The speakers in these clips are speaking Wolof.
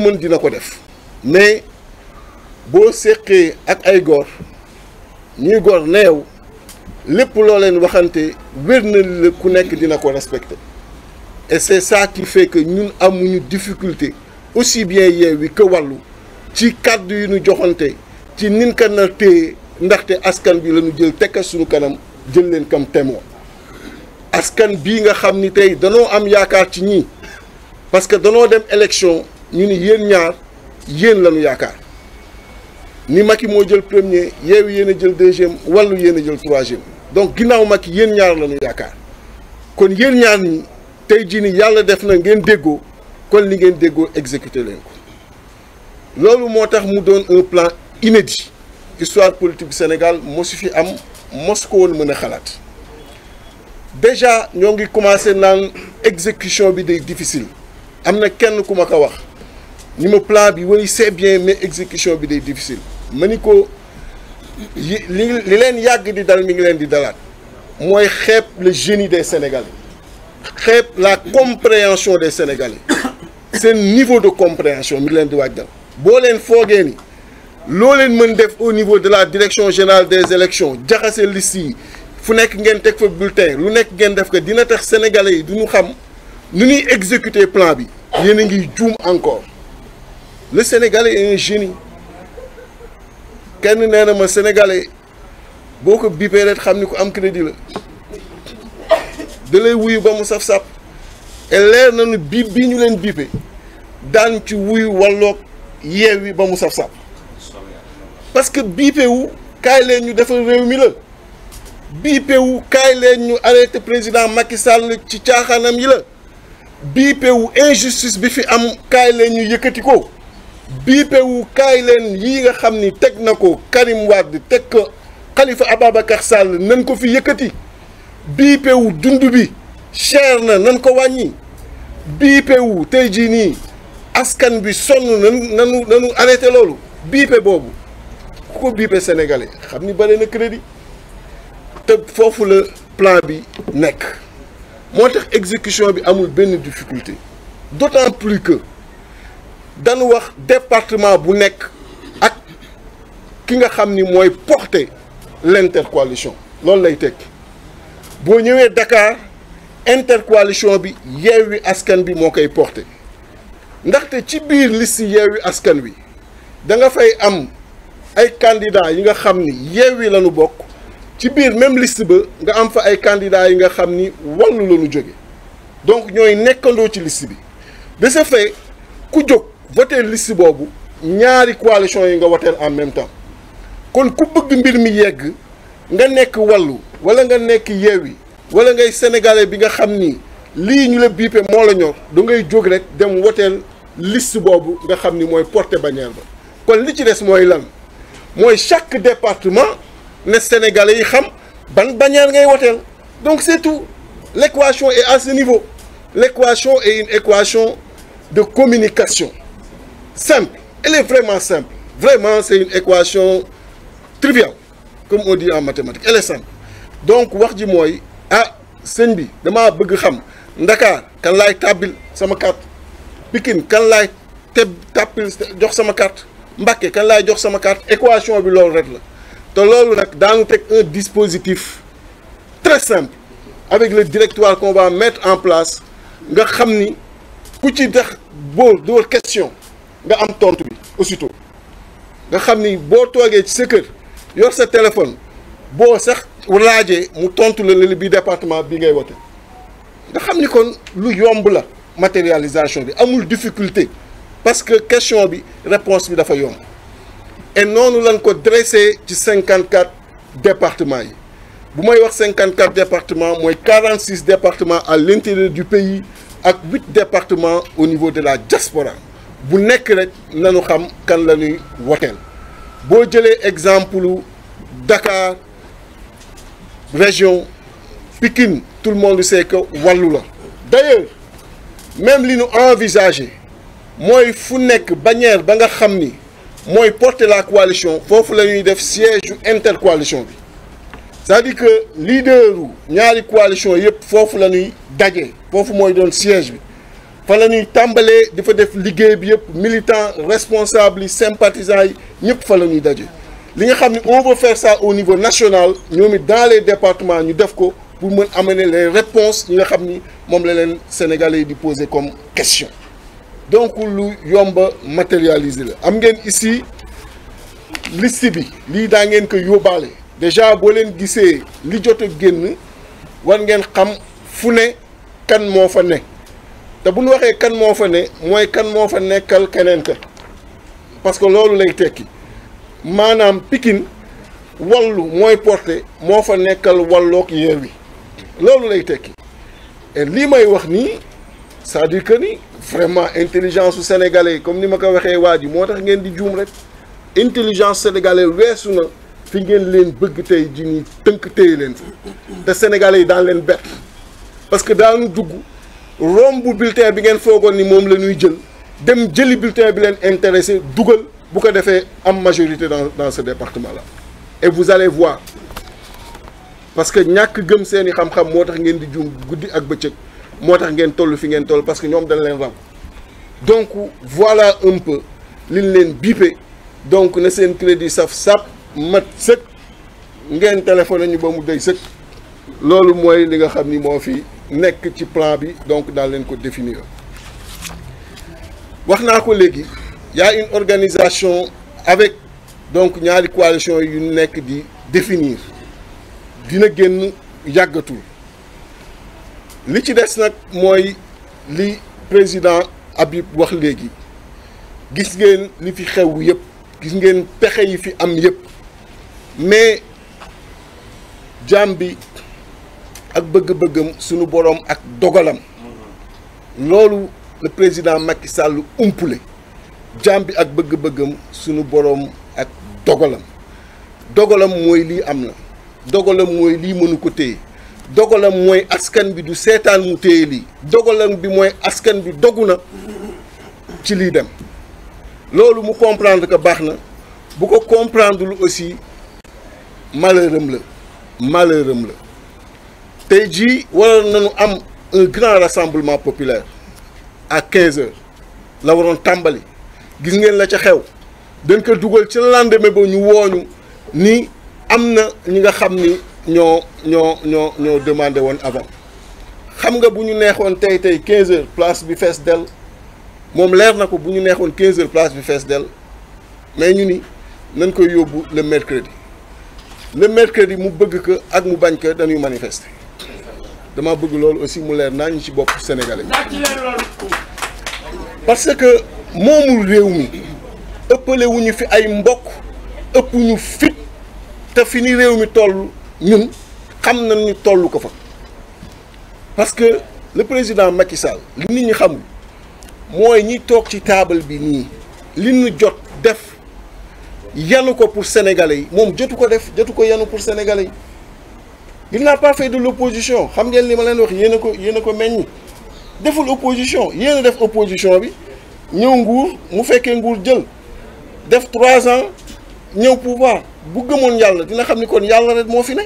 mën dina ko def mais boo séqee ak ay góor ñuy góor ne yow lépp loo leen waxante wér na la ku nekk dina ko respecter et c'est ça qui fait que ñun amuñu difficulté aussi bien Yewwi que wàllu ci kàddu yi nu joxante ci nin ka na téye ndaxte askan bi la ñu jël tekka suñu kanam jël leen kam témoin askan bii nga xam ni tey danoo am yaakaar ci ñii parce que danoo dem élection ñu ni yéen ñaar yéen lañu yaakaar ni yi moo jël premier Yewwi yéen a jël deuxième Wallu yéen a jël troisième donc ginnaaw Macky yéen ñaar lañu yaakaar kon yéen ñaar ñi tey jii ni yàlla def na ngeen déggoo kon li ngeen déggoo exécuté leen ko loolu moo tax mu doon un plan inédit histoire politique Sénégal mosu fi am mos ko woon mën a xalaat déjà ñoo ngi commencé naan exécution bi day difficile am na kenn ku ma ko wax ni ma plan bi oui c'est bien mais exécution bi day difficile ma ni ko li li leen yàgg di dal mi ngi leen di dalaat mooy xeeb le génie des Sénégalais xeeb la compréhension des Sénégalais seen niveau de compréhension mi ngi leen di waaj dal boo leen foogee ni loo leen mën def au niveau de la direction générale des élections jaxase liste yi fu nekk ngeen teg fa bulletin lu nekk ngeen def ko dina tax sénégalais yi du ñu xam nu ñuy exécuter plan bi yéen a ngi juum encore le Sénégalais est un génie kenn nee na ma Sénégalais boo ko bipee rek xam ni ko am crédit la da wuyu ba mu saf-saf et leer nañu biip bi ñu leen bipee daan ci wuyu wallook yeew wi ba mu saf-saf parce que bipee wu kaay leen ñu defal réew mi la bipee kaay leen ñu arrêté président Macky Sall ci caaxaanam yi la bipee wu injustice bi fi am kaay leen ñu yëkkati ko. biipewu kaay leen yii nga xam ni teg na ko Karim Wade teg ko Khalifa Ababacar sàll nan ko fi yëkkati biipewu dund bi cher na nan ko wàññi biipewu tey jii nii askan bi sonn nanu nanu nanu arrêté loolu biipe boobu ku ko biipe sénégalais xam ni bare na crédit te foofu la plan bi nekk moo tax exécution bi amul benn difficulté d'autant plus que danu wax département bu nekk ak ki nga xam ni mooy porter l'intercoalition loolu lay tekki boo ñëwee Dakar intercoalition bi Yewwi Askan bi moo koy porter ndaxte ci biir liste Yewwi Askan wi da nga fay am ay candidats yi nga xam ni Yewwi lañu bokk ci biir même list ba nga am fa ay candidats yi nga xam ni Wallu lañu jóge donc ñooy nekkandoo ci liste bi de ce ku jóg voté liste boobu ñaari coalition yi nga woteel en même temps kon ku bëgg mbir mi yegg nga nekk wallu wala nga nekk yeewi wala ngay sénégalais bi nga xam ni lii ñu la biipe moo la ñor du ngay jóg rek dem woteel liste boobu nga xam ni mooy porte bannière ba kon li ci des mooy lan mooy chaque département ne sénégalais yi xam ban bannière ngay woteel donc c'est tout l'équation est à ce niveau l'équation est une équation de communication simple. Elle est vraiment simple. Vraiment, c'est une équation triviale, comme on dit en mathématiques. Elle est simple. Donc, wax ji mooy ah sëñ bi damaa bëgg xam Ndakaar kan laay tàbbil sama carte Pikine kan laay teb tàbbil jox sama carte Mbacké kan laay jox sama carte équation bi loolu rek la te loolu nag daanu teg un dispositif très simple avec le directoire qu'on va mettre en place nga xam ni ku ci tax boo door question nga am tontu bi aussitôt nga xam ni boo toogee ci sa kër yor sa téléphone boo sax laajee mu tontu la lële bi département bi ngay wote nga xam ni kon lu yomb la matérialisation bi amul difficulté parce que question bi réponse bi dafa yomb et noonu lañ ko dressé ci cinquante 54 départements yi bu may wax cinquante 54 départements mooy 46 départements à l'intérieur du pays ak 8 départements au niveau de la diaspora bu nekk rek nanu xam kan la ñuy woteel boo jëlee exemple Dakar région Pikine tout le monde sait que wàllu la d'ailleurs même li ñu envisagé mooy fu nekk bannière ba nga xam ni mooy porter la coalition foofu la ñuy def siège intercoalition bi cest di que leaderu ñaari coalition yëpp foofu la ñuy dajee foofu mooy doon siège bi fa la ñuy tàmbalee di fa def liggéey bi yëpp militants responsables yi sympathisants yi ñëpp fa la ñuy daje li nga xam ne on veut ça au niveau national ñoom it dans les départements ñu def ko pour mën amener les réponses ñi nga xam ni moom la leen sénégalais yi di poser comme question donc lu yomba matérialiser la am ngeen ici liste bi lii daa ngeen ko yóbbaale déjà boo leen gisee li jot a génn war ngeen xam fu ne kan moo fa ne te bu ñu waxee kan moo fa ne mooy kan moo fa nekkal keneen ka parce que loolu lay tekki maanaam Pikine wallu mooy porté moo fa nekkal wallook Yewwi loolu lay tekki et lii may wax nii cest à que ni vraiment intelligence su sénégalais yi comme ni ma ko waxee waa ji moo tax ngeen di juum rek intelligence sénégalais weesu na fi ngeen leen bëgg tey ji nii tënk téye leen fi te sénégalais yi daan leen bett parce que daanu dugg romb bulletin bi ngeen foogoon ni moom la ñuy jël dem jëli bulletin bi leen intéressé dugal bu ko defee am majorité dans dans ce département la et vous allez voir parce que ñàkk gëm seeni xam-xam moo tax ngeen di juum guddi ak bëccëg moo tax ngeen toll fi ngeen toll parce que ñoom dañ leen raw donc voilà un li leen bipe donc na seen crédit saf sap mat sëkk ngeen téléphoné ñu ba mu doy sëkk loolu mooy li nga xam ni moo fi nekk ci plan bi donc daal leen ko définir wax naa ko léegi y une organisation avec donc ñaari coalition yu nekk di définir dina génn yàggatul li ci des nag mooy li président Habib wax léegi gis ngeen li fi xew yëpp gis ngeen pexe yi fi am yëpp mais jàmm bi ak bëgg-bëggam suñu boroom ak dogalam loolu le président Macky Sall umpule jaam bi ak bëgg-bëggam suñu boroom ak dogalam dogalam mooy lii am na dogalam mooy lii mënu ko téye dogalam mooy askan bi du seetaan mu téye lii dogalam bi mooy askan bi dogu na ci lii dem loolu mu comprendre que baax na bu ko comprendre lu aussi malheuram la malheuram la tey jii waroon nañu am un grand rassemblement populaire à 15 heures la waroon tàmbali gis ngeen la ca xew dañ ko dugal ci lendemain ba ñu wooñu ni am na ñi nga xam ni ñoo ñoo ñoo ñoo demandé woon avant xam nga bu ñu neexoon tey tey quinze heures place bi fees dell moom leer na ko bu ñu neexoon 15 heures place bi fees dell mais ñu ni nañ koy yóbbu le mercredi le mercredi mu bëgg ko ak mu bañ ko dañuy manifester. dama bëgg loolu aussi mu leer naa ñu ci bopp sénégalais parce que moomul réew mi ëppale wu ñu fi ay mbokk ëpp ñu fit te fi ni réew mi toll ñun xam nañ ni tollu ko fa parce que le président Macky Sall li nit ñi xamul mooy ñi toog ci taabal bi nii li ñu jot def yanu ko pour sénégalais yi moom jotu ko def jotu ko yanu pour sénégalais yi il n'a pas fait de l'opposition xam ngeen li ma leen wax yéen a ko yéen a ko meññ deful opposition yéen a def opposition bi ñëw nguur mu fekkee nguur jël def trois ans ñëw pouvoir bu gëmoon yàlla dina xam ni kon yàlla rek moo fi ne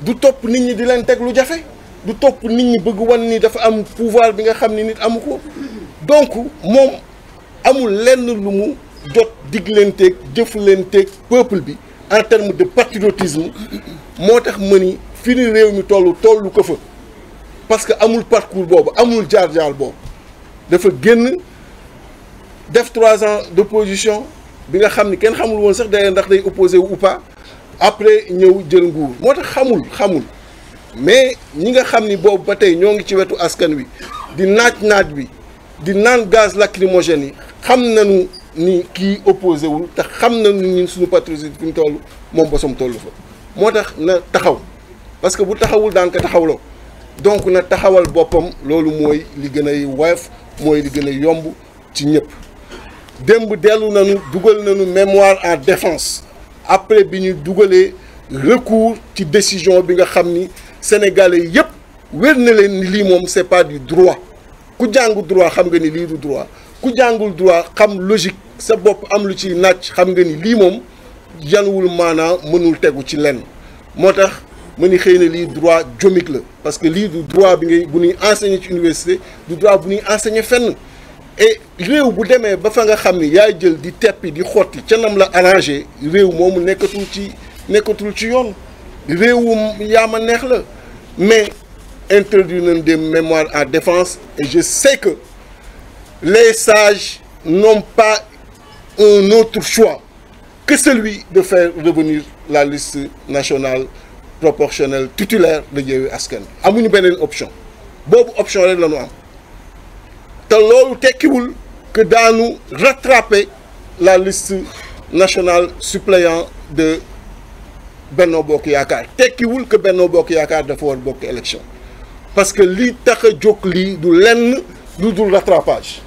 du topp nit ñi di leen teg lu jafe du topp nit ñi bëgg wan nii dafa am pouvoir bi nga xam ni nit amu ko donc moom amul lenn lu mu jot leen teg peuple bi en terme de patriotisme moo tax mëni fi ni réew mi toll tollu ko fa parce que amul parcours boobu amul jaar-jaar boobu dafa génn def trois ans d'opposition bi nga xam ni kenn xamul woon sax day ndax day opposé wu ou pas après ñëw jël nguur moo tax xamul xamul mais ñi nga xam ni boobu ba tey ñoo ngi ci wetu askan wi di naaj naaj wi di naan gaz lacrymogène yi xam nañu ni kii opposé wul te xam na ñun suñu patriotisme fi mu toll moom bosom toll fa moo tax na taxaw parce que bu taxawul daan ko taxawloo donc na taxawal boppam loolu mooy li gën a woyof mooy li gën yomb ci ñëpp démb dellu nanu dugal nañu mémoire en défense après bi ñuy dugalee recours ci décision bi nga xam ni sénégalais yëpp wér na leen lii moom c'est pas du droit ku jàng droit xam nga ni lii du droit ku jàngul droit xam logique sa bopp am lu ci nàcc xam nga ni lii moom yanuwul maanaa mënul tegu ci lenn moo tax ma ni xëy na lii droit jomique la parce que lii du droit bi ngay bu ñuy enseigner ci université du droit bu ñuy enseigner fenn et réew bu demee ba fa nga xam ni yaay jël di teppi di xotti ca nam la arrangé réew moomu nekkatul ci nekkatul ci yoon réewum yaa ma neex la mais introduit nañ des mémoires en défense et je sais que les sages n'ont pas un autre choix que celui de faire revenir la liste nationale proportionnelle titulaire de Yewwi Askan amuñu beneen option boobu option rek la am te loolu tekkiwul que daanu rattraper la liste nationale suppléant de Benno Bokk Yaakaar tekkiwul que Benno Bokk Yaakaar dafa war bokk élection parce que lii tax a li lii du lenn lu dul rattrapage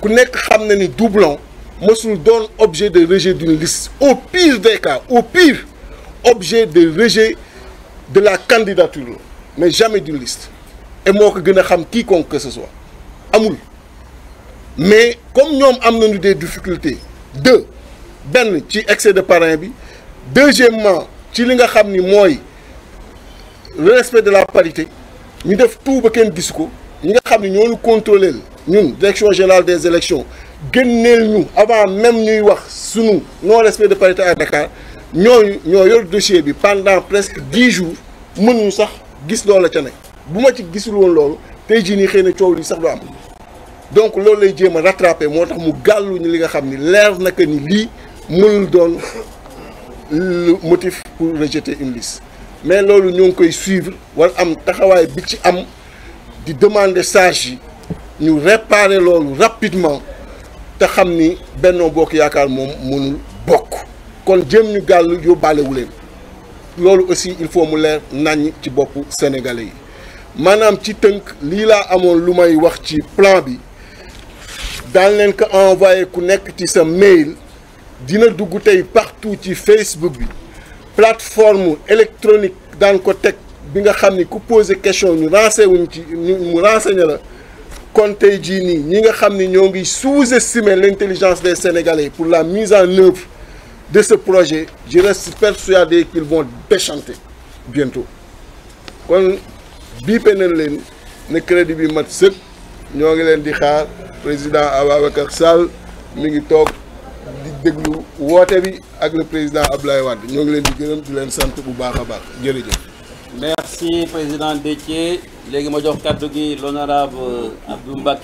ku nekk xam na ni doublon mësul doon objet de rejet d'une liste au pire des cas au pire objet de rejet de la candidature mais jamais d'une liste et moo ko gën a xam quiconque que ce soit amul mais comme ñoom am nañu des difficultés de benn ci excès de parrain bi deuxièmement ci li nga xam ni mooy le respect de la parité ñu def tout ba kenn gis ko ñi nga xam ni ñu contrôler ñun direction générale des élections génneel ñu avant même ñuy wax sunu non respect de parité à Dakar ñooñu ñoo yor dossier bi pendant presque dix jours mënuñu sax gis loola ca ne bu ma ci gisul woon loolu tey jii nii xëy na coow li sax du am donc loolu lay jéem a rattrapé moo tax mu gàlluñu li nga xam ni leer na ni lii mënul doon le motif pour rejeter une mais loolu ñoo ngi koy suivre wala am taxawaay bi ci am di demander sage yi ñu réparer loolu rapidement te xam ni bennoo Bokk Yaakaar moom mënul kon jëm ñu gàll yóbbaalewu leen loolu aussi il faut mu leer naññ ci boppu sénégalais yi maanaam ci tënk lii laa amoon lu may wax ci plan bi daan leen ko envoyé ku nekk ci sa mail dina dugg tey partout ci Facebook bi plateforme électronique daan ko teg bi nga xam ni ku poser question ñu renseigné wuñ ci mu renseigné la kon tey jii nii ñi nga xam ni ñoo ngi sous-estimer l'intelligence des Sénégalais pour la mise en œuvre de ce projet je reste persuadé qu'ils vont déchanter bientôt kon biipe nañ leen ne crédit bi mat sëkk ñoo ngi leen di xaar président Ababacar Sall mu ngi toog di déglu lu bi ak le président Abdoulaye Wade ñoo ngi leen di gërëm di leen sant bu baax a baax jërëjëf. merci président léegi ma jox kàddu gi l'honorable Abdou